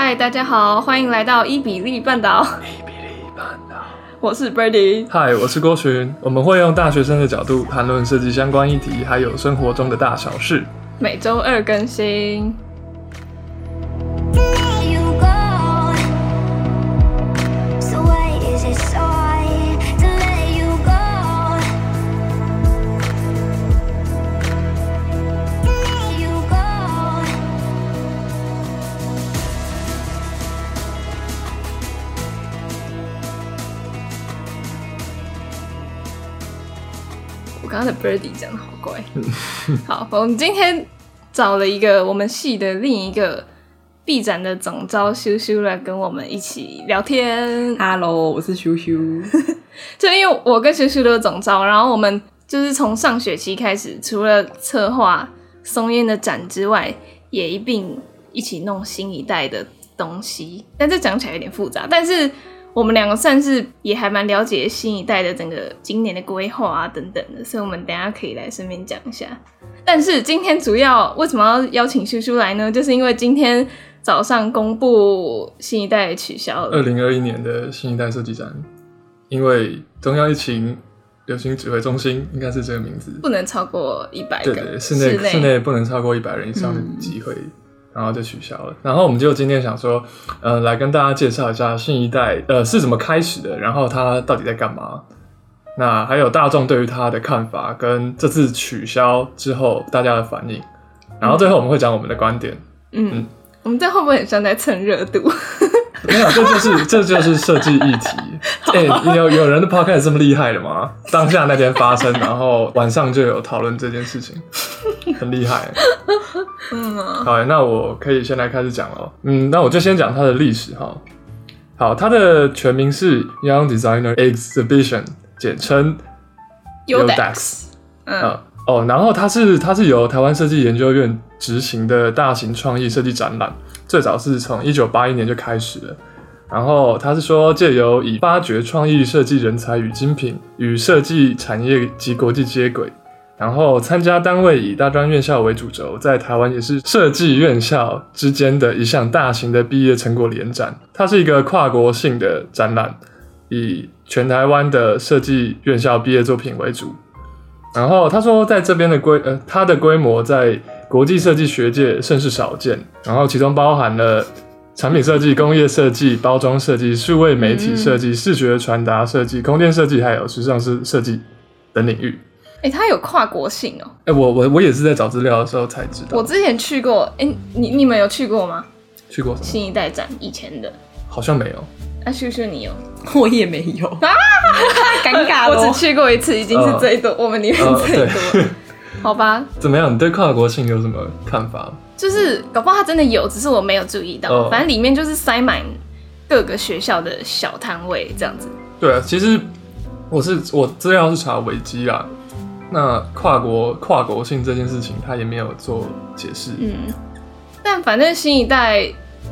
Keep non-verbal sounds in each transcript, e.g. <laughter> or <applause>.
嗨，Hi, 大家好，歡迎來到依比例絆倒。依比例絆倒，我是 Birdy。嗨，我是郭洵。我們會用大學生的角度談論設計相關議題，還有生活中的大小事。每周二更新。Birdy 講的好乖。 <laughs> 好，我們今天找了一個我們系的另一個畢展的總召咻咻來跟我們一起聊天。Hello，我是咻咻。 <laughs> 就因為我跟咻咻都是總召，然後我們就是從上學期開始，除了策劃松菸的展之外，也一併一起弄新一代的東西。但這講起來有點複雜，但是。我們兩個算是也還蠻了解新一代的整個今年的規劃啊等等的，所以我們等下可以來順便講一下。但是今天主要為什麼要邀請咻咻來呢？就是因為今天早上公布新一代取消了二零二一年的新一代設計展，因為中央疫情流行指揮中心應該是這個名字，不能超過一百個室內。對對，室內，室內不能超過一百人以上的集會。嗯然後就取消了。然後我們就今天想說，呃，來跟大家介紹一下新一代，呃，是怎麼開始的，然後它到底在幹嘛？那還有大眾對於它的看法，跟這次取消之後大家的反應。然後最後我們會講我們的觀點。嗯，嗯，我們這會不會很像在蹭熱度？沒有，這就是這就是設計議題。哎，吧有有人的 podcast 這麼厲害的嗎？當下那天發生， <laughs> 然後晚上就有討論這件事情，很厲害。嗯， <music> 好，那我可以先來開始講了。嗯，那我就先講它的歷史哈。好，它的全名是 Young Designer Exhibition，簡稱 YODEX 嗯，嗯哦，然後它是它是由台灣設計研究院執行的大型創意設計展覽，最早是從一九八一年就開始了。然後他是說借由以發掘創意設計人才與精品，與設計產業及國際接軌。然後參加單位以大專院校為主軸，在台灣也是設計院校之間的一項大型的畢業成果聯展。它是一個跨國性的展覽，以全台灣的設計院校畢業作品為主。然後他說，在這邊的規呃，它的規模在國際設計學界甚是少見。然後其中包含了產品設計、工業設計、包裝設計、數位媒體設計、視覺傳達設計、嗯、空間設計，還有時尚設計等領域。哎，它有跨國性哦！哎，我我我也是在找資料的時候才知道。我之前去過，哎，你你們有去過嗎？去過新一代展以前的，好像沒有。那咻咻你有？我也沒有，啊，尷尬。我只去過一次，已經是最多，我們裡面最多。好吧。怎麼樣？你對跨國性有什麼看法？就是搞不好它真的有，只是我沒有注意到。反正裡面就是塞滿各個學校的小攤位這樣子。對啊，其實我是我資料是查維基啊。那跨國跨國性這件事情，他也沒有做解釋。嗯，但反正新一代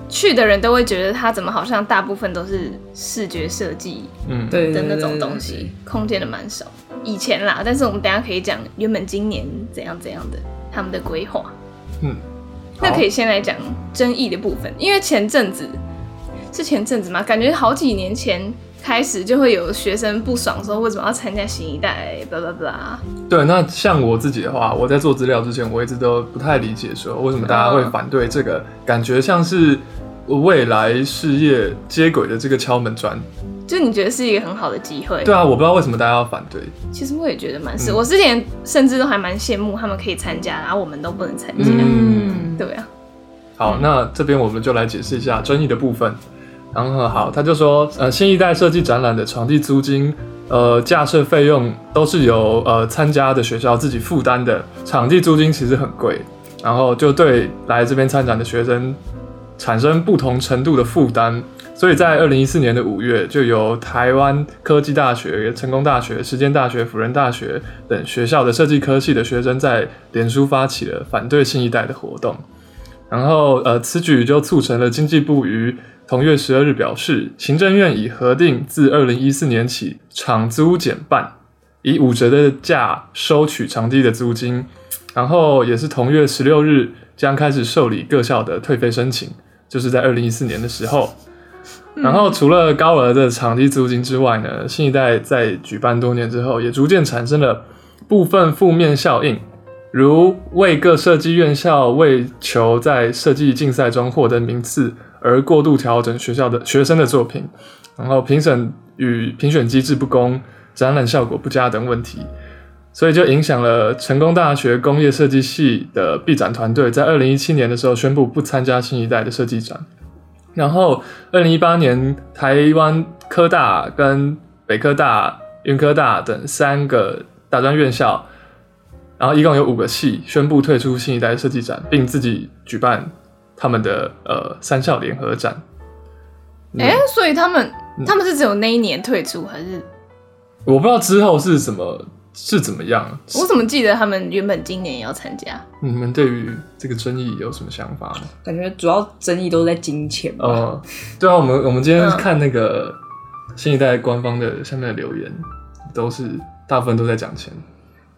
去的人都會覺得他怎麼好像大部分都是視覺設計，嗯，對的那種東西，嗯、空間的蠻少。以前啦，但是我們等下可以講原本今年怎樣怎樣的他們的規劃。嗯，那可以先來講爭議的部分，因為前陣子是前陣子嗎？感覺好幾年前。開始就會有學生不爽，說為什麼要參加新一代，欸？Blah blah blah 對，那像我自己的話，我在做資料之前，我一直都不太理解，說為什麼大家會反對這個？嗯啊、感覺像是未來事業接軌的這個敲門磚。就你覺得是一個很好的機會？對啊，我不知道為什麼大家要反對。其實我也覺得蠻、嗯、是，我之前甚至都還蠻羨慕他們可以參加，啊，然後我們都不能參加。嗯，嗯，嗯，嗯，對啊。好，嗯、那這邊我們就來解釋一下爭議的部分。然後好，他就說，呃，新一代設計展覽的場地租金，呃，架設費用都是由呃參加的學校自己負擔的。場地租金其實很貴，然後就對來這邊參展的學生產生不同程度的負擔。所以在二零一四年的五月，就由台灣科技大學、成功大學、實踐大學、輔仁大學等學校的設計科系的學生在臉書發起了反對新一代的活動。然後，呃，此舉就促成了經濟部與同月十二日表示，行政院已核定自二零一四年起，場租減半，以五折的價收取場地的租金。然後也是同月十六日將開始受理各校的退費申請。就是在二零一四年的時候，嗯、然後除了高額的場地租金之外呢，新一代在舉辦多年之後，也逐漸產生了部分負面效應，如為各設計院校為求在設計競賽中獲得名次。而過度調整學校的學生的作品，然後評審與評選機制不公、展覽效果不佳等問題，所以就影響了成功大學工業設計系的畢展團隊，在二零一七年的時候宣布不參加新一代的設計展。然後二零一八年，台灣科大跟北科大、雲科大等三個大專院校，然後一共有五個系宣布退出新一代設計展，並自己舉辦，他們的呃三校聯合展，哎、欸，嗯、所以他們他們是只有那一年退出，還是我不知道之後是什麼是怎麼樣？我怎麼記得他們原本今年也要參加？你們對於這個爭議有什麼想法呢？感覺主要爭議都在金錢哦、嗯，對啊，我們我們今天看那個新一代官方的下面的留言，嗯、都是大部分都在講錢，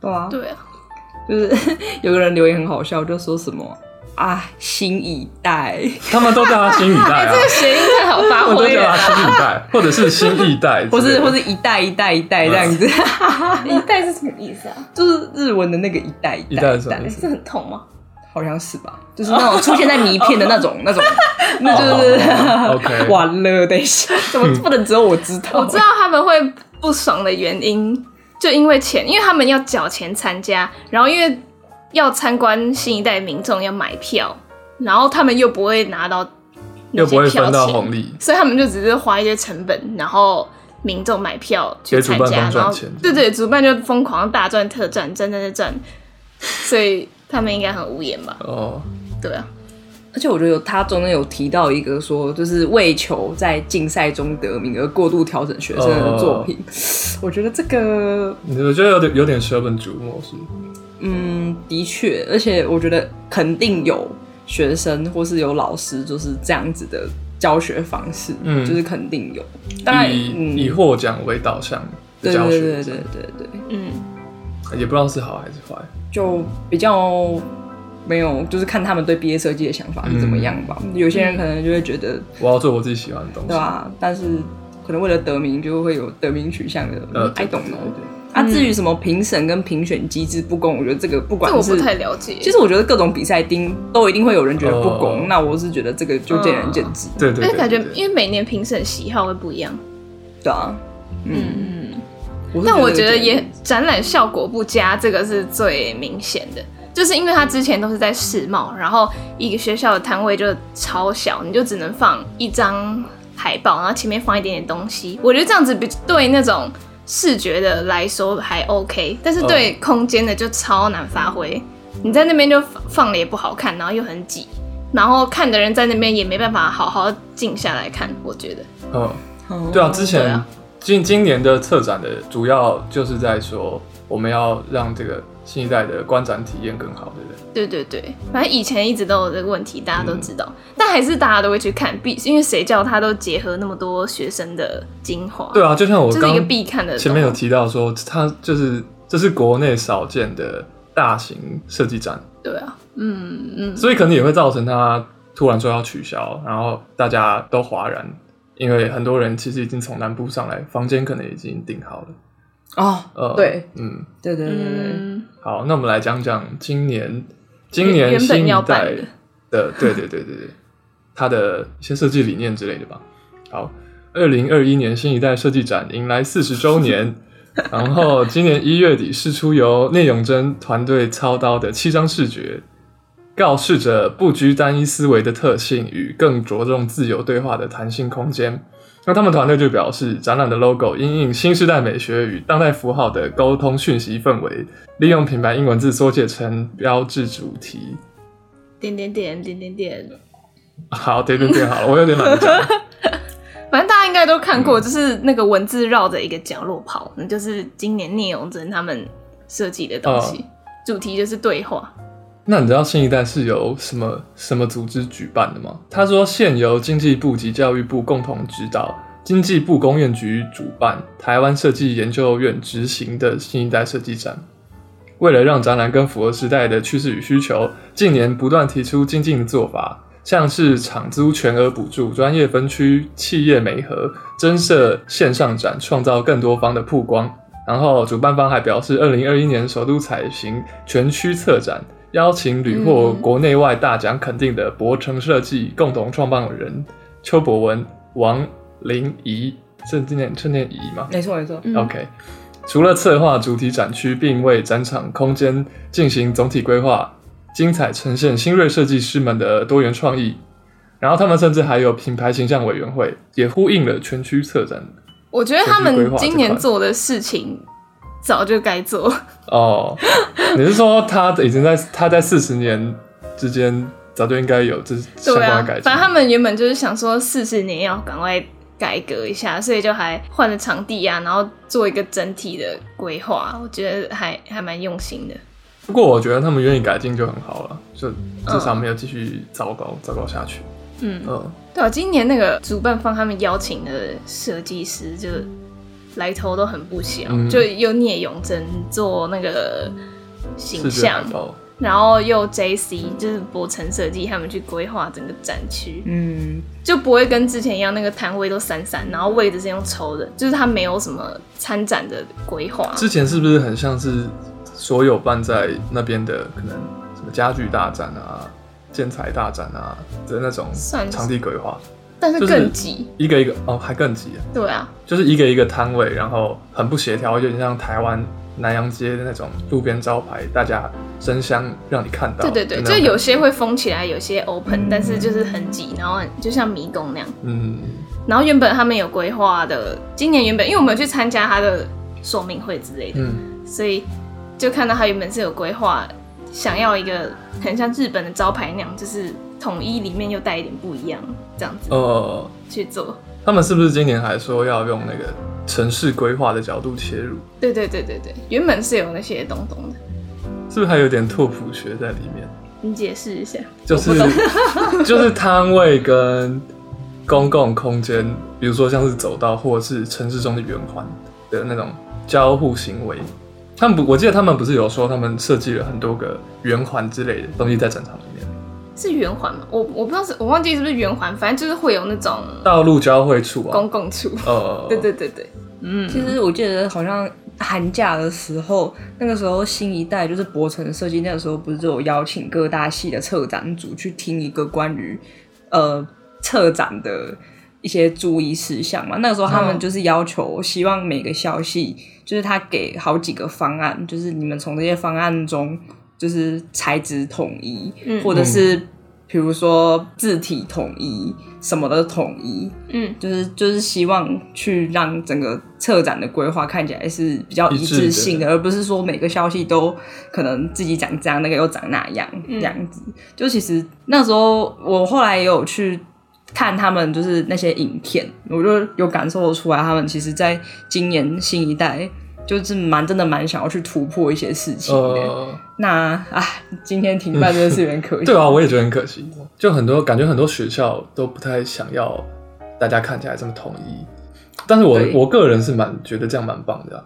對啊，對啊，就是有個人留言很好笑，我就說什麼。啊，新一代，他們都叫他新一代這個諧音太好發揮了。我都叫他新一代， <laughs> 或者是新一代，或是或是一代一代一代這樣子。 <laughs> 一代是什麼意思啊？就是日文的那個一代一代，一代，一代是，是很痛嗎？好像是吧，就是那種出現在泥片的那種 <laughs> 那種， <laughs> 那就是完、oh, oh, oh, okay. 了。等一下， <laughs> 怎麼不能只有我知道？ <laughs> 我知道他們會不爽的原因，就因為錢，因為他們要繳錢參加，然後因為。要參觀新一代民眾要買票，然後他們又不會拿到，又不會賺到紅利，所以他們就只是花一些成本，然後民眾買票去參加，然後對，對對，主辦就瘋狂大賺特賺，賺賺賺賺， <laughs> 所以他們應該很無言吧？哦，對啊，而且我覺得他中間有提到一個說，就是為求在競賽中得名而過度調整學生的作品，哦哦哦哦 <laughs> 我覺得這個，我覺得有點有點捨本逐末，是。嗯，的確，而且我覺得肯定有學生或是有老師就是這樣子的教學方式，嗯，就是肯定有。當然，以以獲獎為導向的教學，對對對對對對，嗯，也不知道是好還是壞，就比較沒有，就是看他們對畢業設計的想法是怎麼樣吧。有些人可能就會覺得我要做我自己喜歡的東西，對吧？但是可能為了得名，就會有得名取向的，I don't know。對。啊、至於什麼評審跟評選機制不公，我覺得這個不管是，這我不太了解。其實我覺得各種比賽丁都一定會有人覺得不公，哦、那我是覺得這個就見仁見智。嗯、對，對，對對對。因為感覺因為每年評審喜好會不一樣。對啊，嗯嗯。嗯，我但我覺得也展覽效果不佳，嗯、這個是最明顯的，就是因為他之前都是在世貿，然後一個學校的攤位就超小，你就只能放一張海報，然後前面放一點點東西。我覺得這樣子比對那種。視覺的來說還 OK，但是對空間的就超難發揮。嗯、你在那邊就放了也不好看，然後又很擠，然後看的人在那邊也沒辦法好好靜下來看。我覺得，嗯，對啊，之前、啊、今今年的策展的主要就是在說。我們要讓這個新一代的觀展體驗更好，對不對？對對對，反正以前一直都有這個問題，大家都知道，嗯、但還是大家都會去看，B，因為誰叫它都結合那麼多學生的精華。對啊，就像我是一個必看的。前面有提到說，它就是這是國內少見的大型設計展。對啊，嗯，嗯嗯，所以可能也會造成它突然說要取消，然後大家都譁然，因為很多人其實已經從南部上來，房間可能已經訂好了。哦，oh, 呃、對，嗯，對對對對，嗯、好，那我們來講講今年，今年新一代的，偏偏的對對對對對，他的一些設計理念之類的吧。好，二零二一年新一代設計展迎來四十周年， <laughs> 然後今年一月底釋出由聶永真團隊操刀的七張視覺，告示着不拘單一思維的特性與更着重自由對話的彈性空間。那他們團隊就表示，展覽的 LOGO 因應新時代美學與當代符號的溝通訊息氛圍，利用品牌英文字縮寫成標誌主題點點點。點點點點點點，好，點就點好了，我有點 <laughs> 反正大家應該都看過，嗯、就是那個文字繞着一個角落跑，那就是今年聶永真他們設計的東西，哦、主題就是對話。那你知道新一代是由什麼什麼組織舉辦的嗎？他說，現由經濟部及教育部共同指導，經濟部工業局主辦，台灣設計研究院執行的新一代設計展。為了讓展覽更符合時代的趨勢與需求，近年不斷提出精進的做法，像是廠租全額補助、專業分區、企業媒合、增設線上展，創造更多方的曝光。然後主辦方還表示，二零二一年首度採行全區策展。.邀請屢獲國內外大獎肯定的博城設計共同創辦人、嗯、邱博文、王林怡、正念、正念怡嗎？沒錯，沒錯。OK、嗯、除了策劃主題展區，並為展場空間進行總體規劃，精彩呈現新銳設計師們的多元創意。然後他們甚至還有品牌形象委員會，也呼應了全區策展。我覺得他們今年做的事情。早就該做哦，oh, <laughs> 你是說他已經在他在四十年之間早就應該有這相關的改進。對啊，反正他們原本就是想說四十年要趕快改革一下，所以就還換了場地啊，然後做一個整體的規劃。我覺得還還蠻用心的。不過我覺得他們願意改進就很好了，就至少沒有繼續糟糕糟糕下去。嗯、oh. 嗯，對啊，今年那個主辦方他們邀請的設計師就。來頭都很不小，嗯、就又聶永真做那個形象，的然後又 JC 就是柏成設計他們去規劃整個展區，嗯，就不會跟之前一樣那個攤位都散散，然後位置是用抽的，就是他沒有什麼參展的規劃。之前是不是很像是所有辦在那邊的，可能什麼家具大展啊、建材大展啊的那種場地規劃？但是更擠，一個一個哦，還更擠。對啊，就是一個一個攤、哦啊、位，然後很不協調，有點像台灣南陽街的那種路邊招牌，大家爭相讓你看到。對對對，有有就有些會封起來，有些 open，、嗯、但是就是很擠，然後就像迷宮那樣。嗯，然後原本他們有規劃的，今年原本因為我們沒有去參加他的說明會之類的，嗯、所以就看到他原本是有規劃的。想要一個很像日本的招牌那樣，就是統一裡面又帶一點不一樣，這樣子。去做。哦，他們是不是今年還說要用那個城市規劃的角度切入？對對對對，原本是有那些東東的。是不是還有點拓撲學在裡面？你解釋一下。就是不 <laughs> 就是攤位跟公共空間，比如說像是走道或是城市中的圓環的那種交互行為。他們不，我記得他們不是有說他們設計了很多個圓環之類的東西在展場裡面，是圓環嗎？我我不知道是，我忘記是不是圓環，反正就是會有那種道路交匯處、公共處。哦、啊，oh. 對對對對，嗯，其實我記得好像寒假的時候，那個時候新一代就是博城設計，那個時候不是有邀請各大系的策展組去聽一個關於呃策展的。一些注意事項嘛，那個時候他們就是要求，希望每個消息、啊、就是他給好幾個方案，就是你們從這些方案中就是材質統一，嗯、或者是比如說字體統一，什麼的統一，嗯，就是就是希望去讓整個策展的規劃看起來是比較一致性的，的而不是說每個消息都可能自己長這樣，那個又長那樣，這樣子。嗯、就其實那時候我後來也有去。看他們就是那些影片，我就有感受得出來，他們其實在今年新一代就是蠻真的蠻想要去突破一些事情。呃、那啊，今天停辦真的是有點可惜、嗯。對啊，我也覺得很可惜。就很多感覺，很多學校都不太想要大家看起來這麼統一，但是我對我個人是蠻覺得這樣蠻棒的、啊。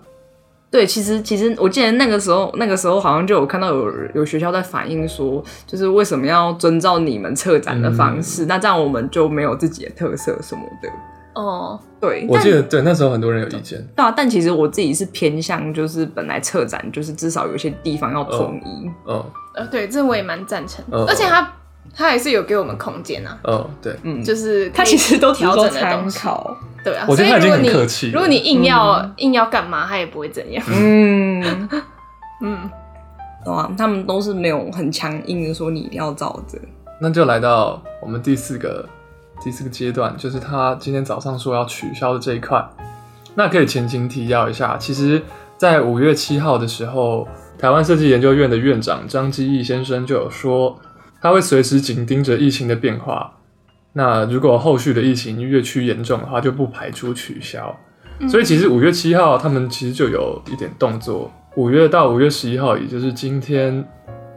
對，其實其實我記得那個時候，那個時候好像就有看到有有學校在反映說，就是為什麼要遵照你們策展的方式？嗯、那這樣我們就沒有自己的特色什麼的。哦，對，我記得但對那時候很多人有意見。對啊、但其實我自己是偏向，就是本來策展就是至少有些地方要統一。嗯、哦，哦、呃，對，這我也蠻贊成的，哦、而且他。他還是有給我們空間啊。哦，對，嗯，就是一直他其實都只是說參考，對啊，所以如果你如果你硬要嗯嗯硬要幹嘛，他也不會怎樣。嗯嗯，懂啊 <laughs> 嗯哦，他們都是沒有很強硬的說你一定要照着。那就來到我們第四個第四個階段，就是他今天早上說要取消的這一塊。那可以前情提要一下，其實，在五月七號的時候，台灣設計研究院的院長張基義先生就有說。他會隨時緊盯着疫情的變化。那如果後續的疫情越趨嚴重的話，就不排除取消。嗯、所以其實五月七號他們其實就有一點動作。五月到五月十一號，也就是今天，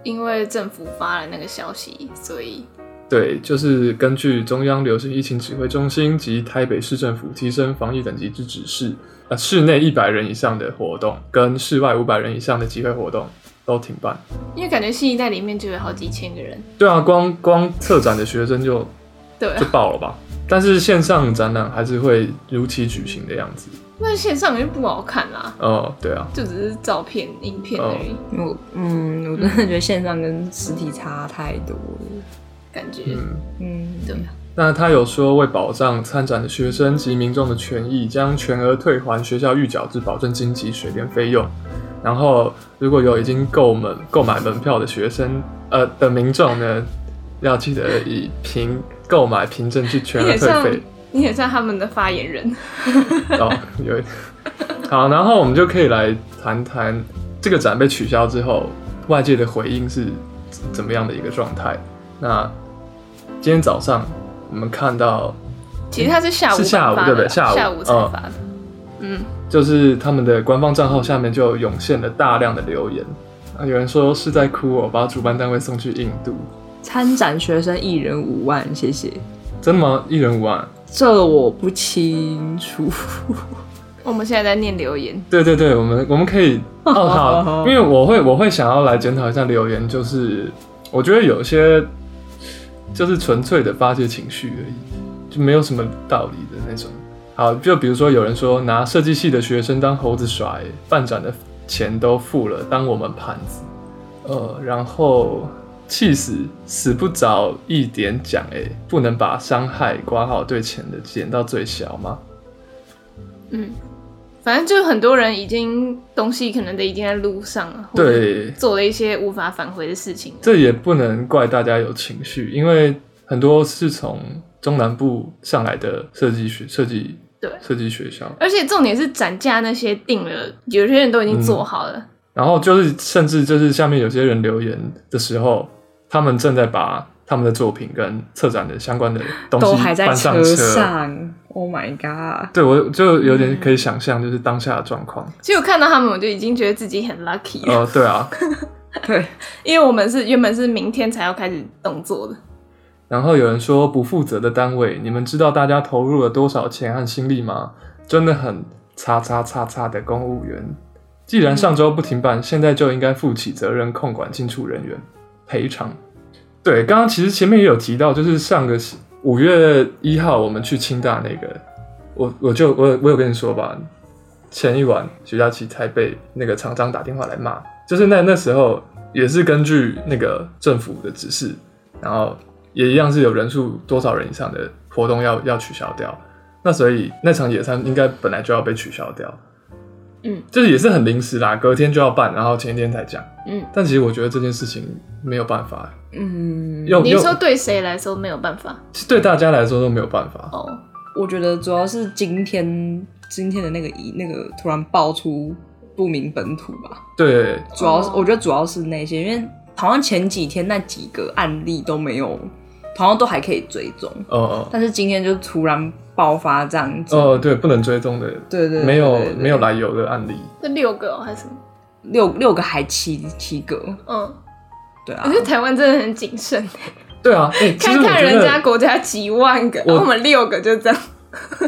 因為政府發了那個消息，所以。對，就是根據中央流行疫情指揮中心及台北市政府提升防疫等級之指示，啊、呃，室內一百人以上的活動跟室外五百人以上的集會活動。都挺棒，因為感覺新一代裡面就有好幾千個人。對啊，光光策展的學生就， <laughs> 對、啊，就爆了吧。但是線上展覽還是會如期舉行的樣子。那線上就不好看啦。哦，對啊，就只是照片、影片而已。哦、我嗯，我真的覺得線上跟實體差太多感覺。嗯嗯，對、啊、那他有說為保障參展的學生及民眾的權益，將全額退還學校預繳之保證金及水電費用。然後，如果有已經購門購買門票的學生，呃，的民眾呢，要記得以憑購買憑證去全額退費。你很像他們的發言人。 <laughs> 哦，有。好，然後我們就可以來談談這個展被取消之後外界的回應是怎麼樣的一個狀態。那今天早上我們看到，其實它是下午、嗯、是下午對不對？下午下午才發的。嗯嗯，就是他們的官方賬號下面就湧現了大量的留言啊，有人說是在哭，我把主辦單位送去印度，參展學生一人五萬，謝謝。真的嗎？一人五萬？這我不清楚。嗯、 <laughs> 我們現在在念留言。 <laughs> <laughs> 對對對，我們我們可以哦好， <laughs> 因為我會我會想要來檢討一下留言，就是我覺得有些就是純粹的發洩情緒而已，就沒有什麼道理的那種。好，就比如說有人說拿設計系的學生當猴子耍，辦展的錢都付了，當我們盤子，呃，然後氣死，死不着一點講哎，不能把傷害掛號對錢的減到最小嗎？嗯，反正就很多人已經東西可能都已經在路上了，對，做了一些無法返回的事情。這也不能怪大家有情緒，因為很多是從中南部上來的設計學設計。設計對，設計學校，而且重點是展架那些訂了，有些人都已經做好了。嗯、然後就是，甚至就是下面有些人留言的時候，他們正在把他們的作品跟策展的相關的東西搬上車。都還在車上 oh my god！對，我就有點可以想象，就是當下的狀況，嗯。其實我看到他們，我就已經覺得自己很 lucky 了。哦、呃，對啊，對， <laughs> 因為我們是原本是明天才要開始動作的。然後有人說，不負責的單位，你們知道大家投入了多少錢和心力嗎？真的很差差差差的公務員。既然上週不停辦，現在就應該負起責任，控管進出人員，賠償。對，剛剛其實前面也有提到，就是上個五月一號我們去清大那個，我我就我我有跟你說吧，前一晚徐佳琪才被那個廠長，長打電話來罵，就是那那時候也是根據那個政府的指示，然後。也一樣是有人數多少人以上的活動要要取消掉，那所以那場野餐應該本來就要被取消掉，嗯，就是也是很臨時啦，隔天就要辦，然後前一天才講，嗯，但其實我覺得這件事情沒有辦法，嗯，有有你說，對誰來說沒有辦法？對大家來說都沒有辦法哦。嗯 oh, 我覺得主要是今天今天的那個一那個突然爆出不明本土吧，對，主要是、oh. 我覺得主要是那些，因為好像前幾天那幾個案例都沒有。好像都還可以追蹤，呃、但是今天就突然爆發這樣子，哦、呃、對，不能追蹤的。對對，對對，沒有沒有來由的案例，這六個、哦、還是什麼？六六個還七七個？嗯，對啊，我覺得台灣真的很謹慎，對啊，看看人家國家幾萬個，我、我們六個就這樣，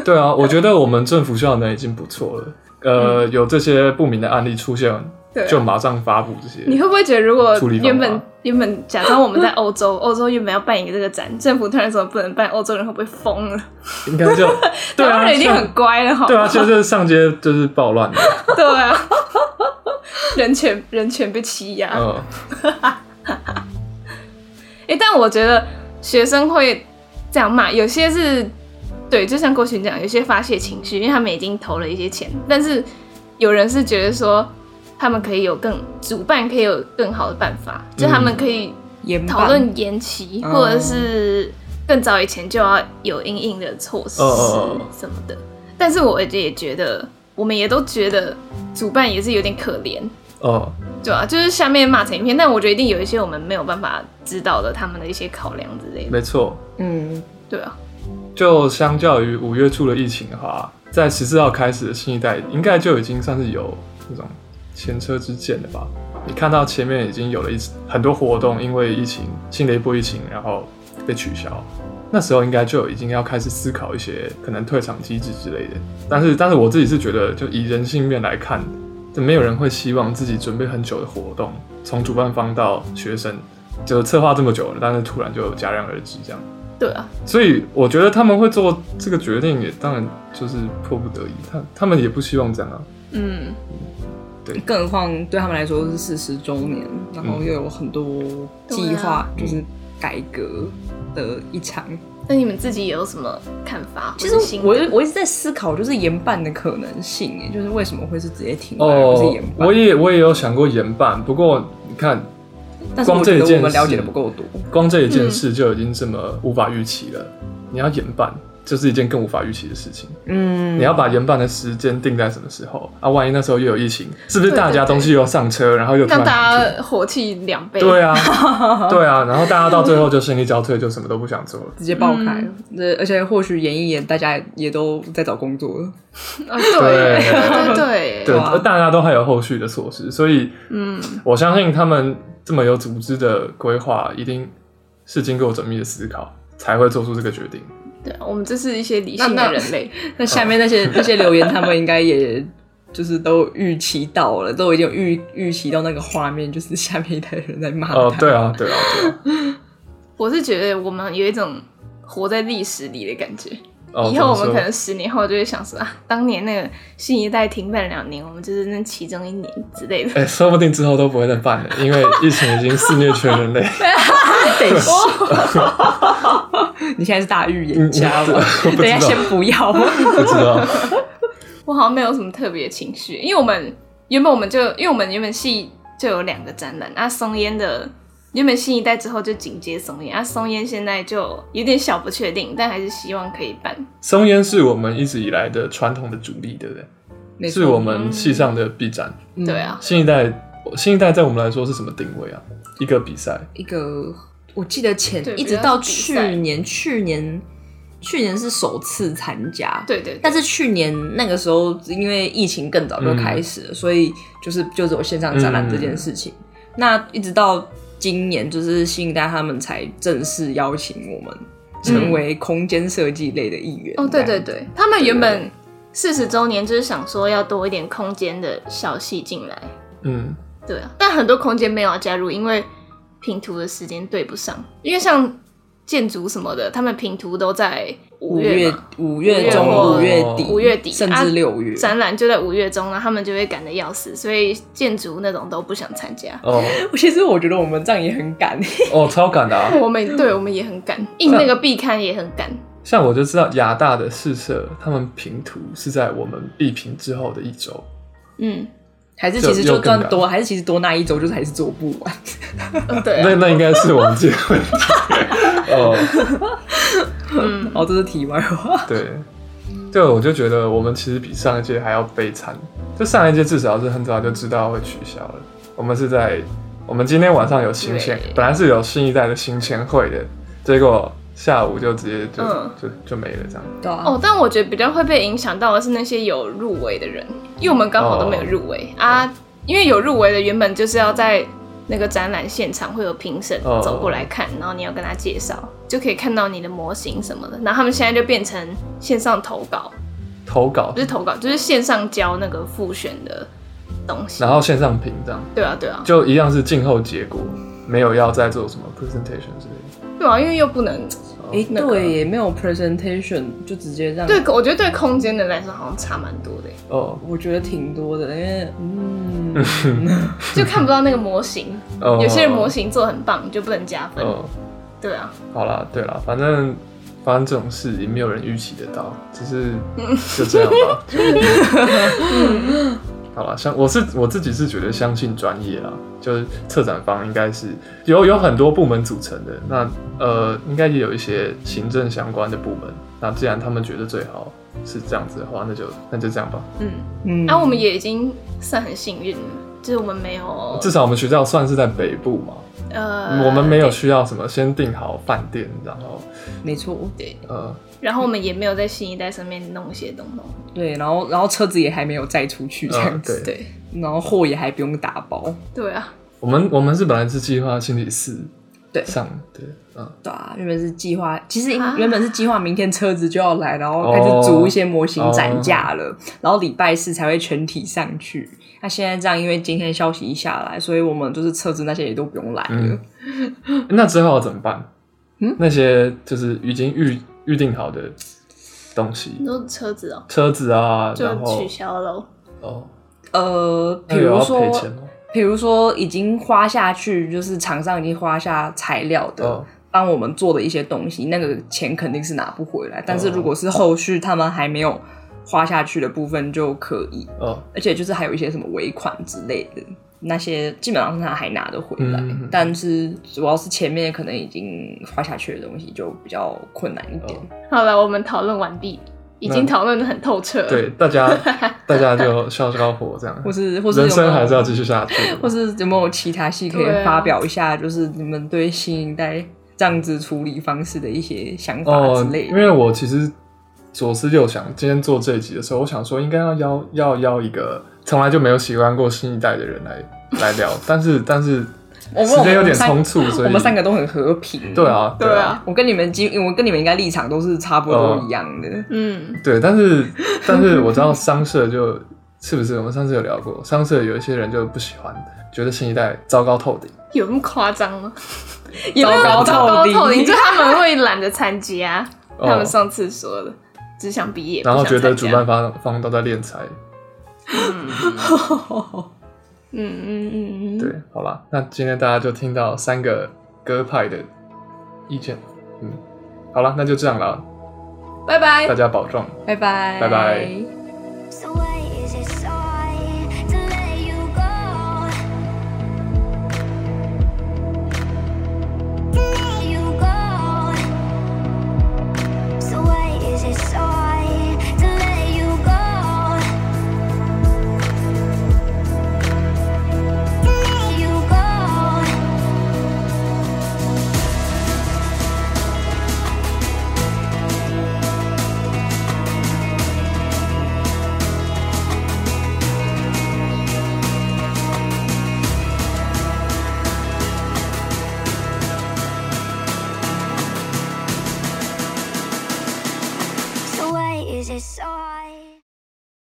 <laughs> 對啊，我覺得我們政府效能已經不錯了，呃，嗯、有這些不明的案例出現。對啊，就馬上發布這些，你會不會覺得如果原本原本假裝我們在歐洲，歐 <laughs> 洲原本要辦一個這個展，政府突然怎麼不能辦，歐洲人會不會瘋了？應該就 <laughs> 灣人 對啊，上已經很乖了哈。對啊，就是上街就是暴亂。對啊， <laughs> 人權人權被欺壓。哎，但我覺得學生會這樣罵，有些是對，就像郭洵講，有些發洩情緒，因為他們已經投了一些錢，但是有人是覺得說。他們可以有更主辦可以有更好的辦法，就他們可以討論、嗯、延期，嗯、或者是更早以前就要有因應的措施什麼的。哦哦哦，但是我也覺得，我們也都覺得主辦也是有點可憐哦，對啊，就是下面罵成一片，但我覺得一定有一些我們沒有辦法知道的他們的一些考量之類的。沒錯，嗯，對啊，就相較於五月初的疫情的話，在十四號開始的新一代，應該就已經算是有那種。前車之鑑的吧，你看到前面已經有了一很多活動，因為疫情、新的一波疫情，然後被取消。那時候應該就已經要開始思考一些可能退場機制之類的。但是，但是我自己是覺得，就以人性面來看，就沒有人會希望自己準備很久的活動，從主辦方到學生，就策劃這麼久了，但是突然就戛然而止，這樣。對啊。所以我覺得他們會做這個決定，也當然就是迫不得已。他他們也不希望這樣啊。嗯。更何況對他們來說是四十周年，然後又有很多計劃，就是改革的一場。嗯啊、那你們自己有什麼看法？其實我我一直在思考，就是延辦的可能性，就是為什麼會是直接停辦，是不是延辦？哦，我也我也有想過延辦，不過你看，但是光這一件我們了解的不夠多，光這一件事就已經這麼無法預期了。嗯、你要延辦？就是一件更無法預期的事情。嗯，你要把延辦的時間定在什麼時候啊？萬一那時候又有疫情，是不是大家東西又要上車，對對對，然後又然大家火氣兩倍？對啊， <laughs> 對啊，然後大家到最後就心力交瘁，就什麼都不想做了，直接爆開了、嗯。而且或許延一延，大家也都在找工作了。了對 <laughs> 對對對，對吧對大家都還有後續的措施，所以嗯，我相信他們這麼有組織的規劃，一定是經過縝密的思考才會做出這個決定。對啊，我們這是一些理性的人類。那，那，那下面那些、哦、那些留言，他們應該也就是都預期到了， <laughs> 都已經預預期到那個畫面，就是下面一代人在罵他。哦，對啊，對啊，對啊。 <laughs> 我是覺得我們有一種活在歷史裡的感覺。以後我們可能十年後就會想說、哦、說啊，當年那個新一代停辦兩年，我們就是那其中一年之類的。哎，說不定之後都不會再辦了，因為疫情已經肆虐全人類。得行，你現在是大預言家了。嗯、等一下先不要。 <laughs> 我好像沒有什麼特別的情緒，因為我們原本我們就因為我們原本系就有兩個展覽，啊，松菸的。原本新一代之後就緊接松煙啊，松煙現在就有點小不確定，但還是希望可以辦。松煙是我們一直以來的傳統的主力，對不對？沒錯，是我們系上的畢展，嗯。對啊，新一代，新一代在我們來說是什麼定位啊？一個比賽？一個，我記得前，對，一直到去年，去年去年，去年是首次參加，對，對對。但是去年那個時候因為疫情更早就開始了，嗯、所以就是就走我線上展覽這件事情。嗯、那一直到。今年就是信達他們才正式邀請我們成為空間設計類的一員、嗯、哦，對對對，他們原本四十周年就是想說要多一點空間的校系進來，嗯，對啊，但很多空間沒有要加入，因為評圖的時間對不上，因為像建築什麼的，他們評圖都在。五月、五月中、五月底、五月底甚至六月，展覽就在五月中，那他們就會趕得要死，所以建築那種都不想參加。哦，其實我覺得我們這樣也很趕哦，超趕的啊！我們對，我們也很趕，印那個壁刊也很趕。像我就知道亞大的試色，他們平圖是在我們畢評之後的一周。嗯，還是其實就賺多，還是其實多那一周就是還是做不完。對，那那應該是我們這個問題。哦。嗯、哦，這是題外話。對，對，我就覺得我們其實比上一屆還要悲慘。就上一屆至少是很早就知道會取消了，我們是在我們今天晚上有新簽對本來是有新一代的新簽會的，結果下午就直接就、嗯、就就，就沒了這樣。對、啊、哦，但我覺得比較會被影響到的是那些有入圍的人，因為我們剛好都沒有入圍、哦、啊。嗯、因為有入圍的原本就是要在。那個展覽現場會有評審走過來看，Oh. 然後你要跟他介紹，就可以看到你的模型什麼的。然後他們現在就變成線上投稿，投稿不是投稿，就是線上交那個複選的東西。然後線上評，這樣。對啊對啊，就一樣是靜候結果，沒有要再做什麼 presentation 之類的。對啊，因為又不能。哎，欸那個、對，也沒有 presentation，就直接這樣。對，我覺得對空間的人來說好像差蠻多的。哦，oh, 我覺得挺多的，因、欸、為嗯， <laughs> 就看不到那個模型。Oh. 有些人模型做得很棒，就不能加分。Oh. 對啊。好啦，對啦，反正發生這種事也沒有人預期得到，只是就這樣吧。好了，像我是我自己是覺得相信專業啦。就是策展方應該是有有很多部門組成的，那呃應該也有一些行政相關的部門。那既然他們覺得最好是這樣子的話，那就那就這樣吧。嗯嗯，那、嗯啊、我們也已經算很幸運，就是我們沒有，至少我們學校算是在北部嘛。呃，我們沒有需要什麼先訂好飯店，對然後沒錯對，嗯、呃。然後我們也沒有在新一代上面弄一些東東。對，然後然後車子也還沒有載出去這樣子。對，然後貨也還不用打包。對啊。我們我們是本來是計劃星期四，對，上對啊。對啊，原本是計劃，其實原本是計劃明天車子就要來，然後開始組一些模型展架了，然後禮拜四才會全體上去。那現在這樣，因為今天消息一下來，所以我們就是車子那些也都不用來了。那之後怎麼辦？那些就是已經預。預定好的東西，都是車子哦，車子啊，就取消了哦，呃，比如說，比如說已經花下去，就是廠商已經花下材料的，哦、幫我們做的一些東西，那個錢肯定是拿不回來。哦、但是如果是後續他們還沒有花下去的部分，就可以。嗯、哦，而且就是還有一些什麼尾款之類的。那些基本上他還拿得回來，嗯、但是主要是前面可能已經發下去的東西就比較困難一點。嗯、好了，我們討論完畢，已經討論的很透徹。對，大家大家就消消火這樣。 <laughs> 或是，或是是有有人生還是要繼續下去。或是有沒有其他戲可以發表一下？啊、就是你們對新一代這樣子處理方式的一些想法之類的。哦、嗯，因為我其實，左思右想，今天做這一集的時候，我想說應該要邀要邀一個從來就沒有喜歡過新一代的人來 <laughs> 來聊，但是但是我們時間有點倉促，所以我們三個都很和平。對啊，對啊，對啊，我跟你們基，我跟你們應該立場都是差不多一樣的。呃、嗯，對，但是但是我知道商社就是，不是我們上次有聊過，商社有一些人就不喜歡，覺得新一代糟糕透頂，有那麼誇張嗎？ <laughs> 糟糕，糟糕透頂，糟糕透頂，就他們會懶得參加、啊。呃、他們上次說的。只想畢業，然後覺得主辦方方都在斂財。嗯嗯嗯嗯，對，好啦，那今天大家就聽到三個歌派的意見。嗯，好了，那就這樣了，拜拜 bye，大家保重，拜拜，拜拜。